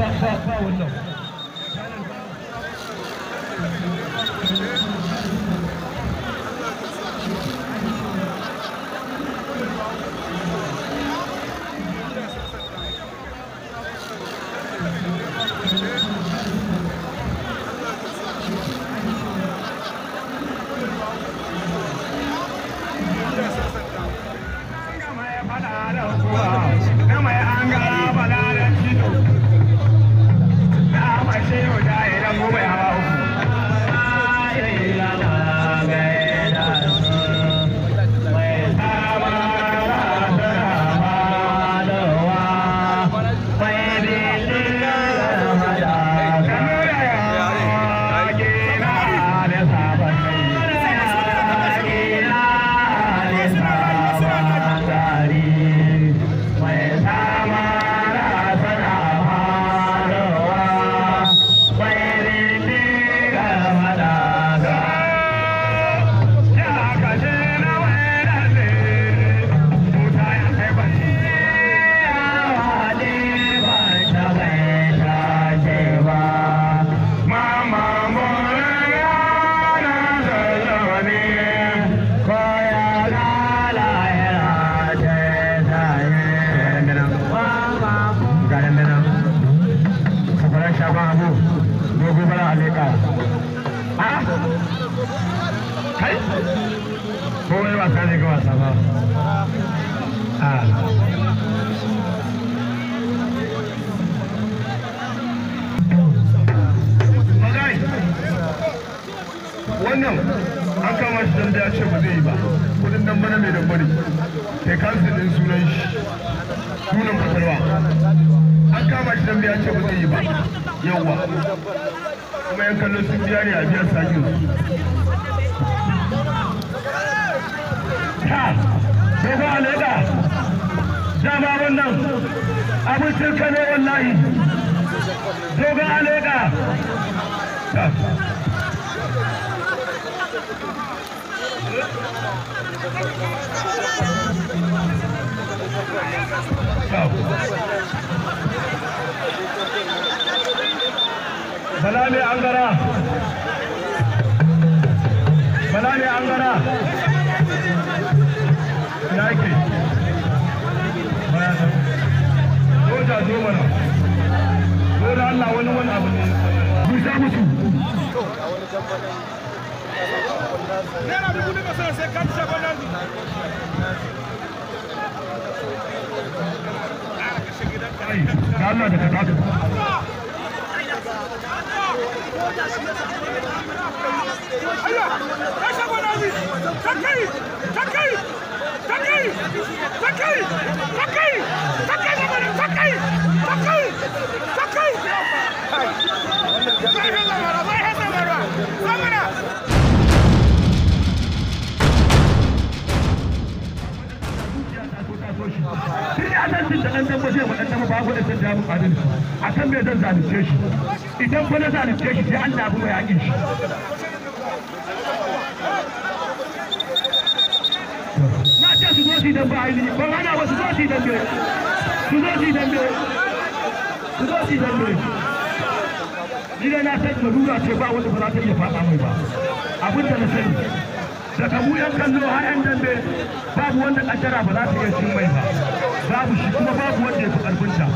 Foul, foul, foul, foul, no. komai wasa ne ga wasa ba wannan an kama shi don ya ce ba zai yi ba kudin dan bana mai dambari kai kansu din sunan shi an kama shi don ya ce ba zai yi ba kuma yan kallo sun biya ne a biyar sakin ko ba a leda dama wannan abin cirka ne wallahi dogon a Salami Angara. Salami Angara. ina yake soja zo mana dole Allah wani wani abu ne musu dubu ne sai kan Allah da ka Allah! duk adalcin da ɗan dan zai wa ɗan babu da zan jamu su a kan me zan zalunce shi idan ba na zalunce shi sai an damu mai haƙin shi na ce su zo su dan ba aini ba hana ba su zo su dan be su zo su dan be su zo su dan be ni na san larura ce ba wanda ba za ta iya faɗa mai ba abin da na sani daga mu yan kallo har yan dambe babu wanda kaddara ba za ta iya cin mai ba babu shi kuma babu wanda ya fi ta.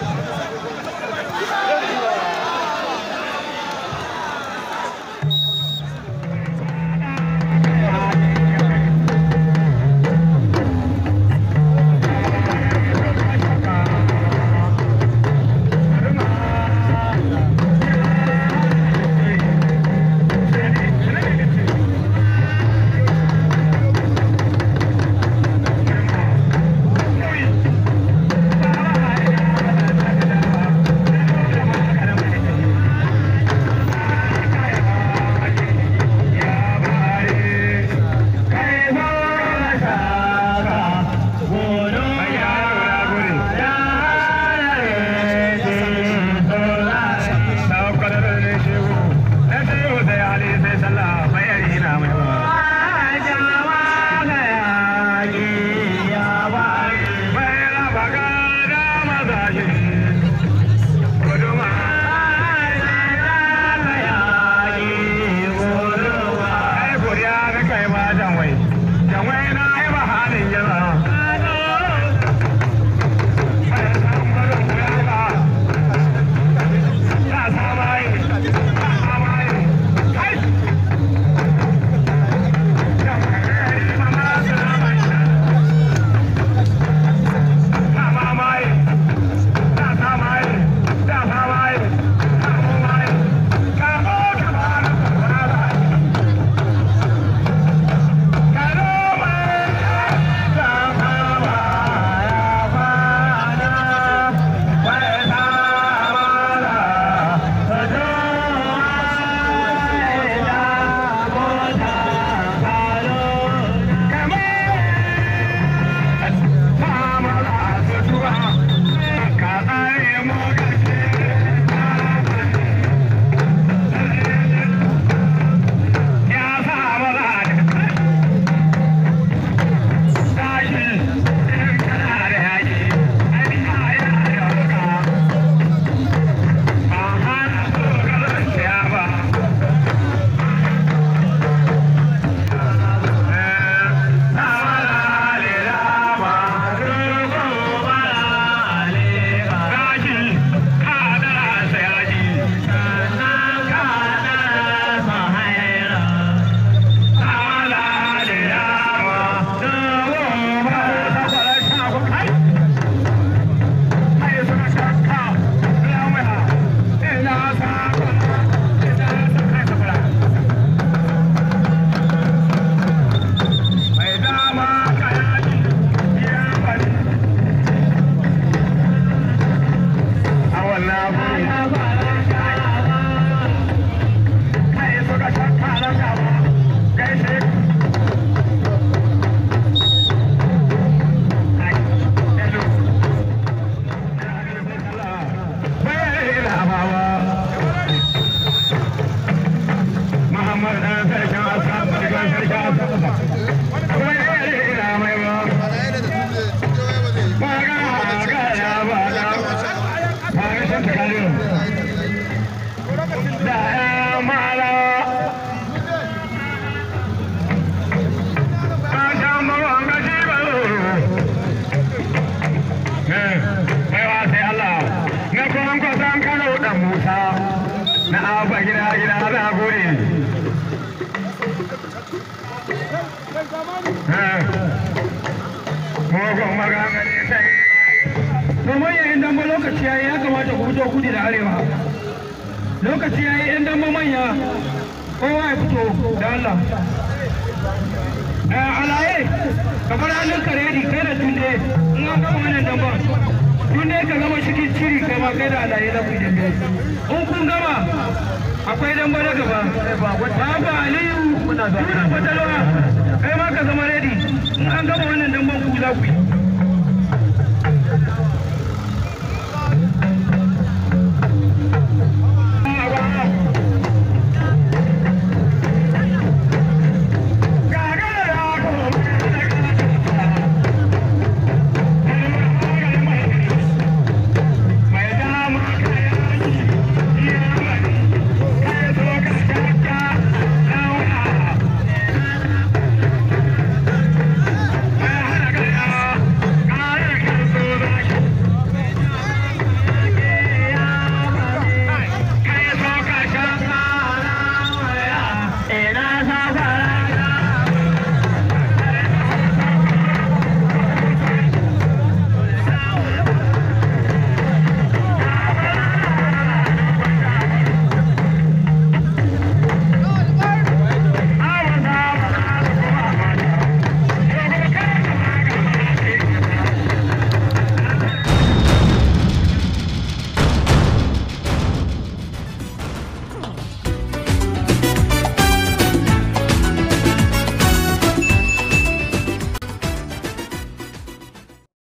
domin yayin dambe lokaci ya ku fito kudi da arewa lokaci a yan dambe ya fito da Allah alaye kamar hannun karedi kai da tunde tunde ka kai ma kai da alaye gama akwai gaba aliyu fatalwa kai ma ka zama redi in an gama wannan damban ku za ku yi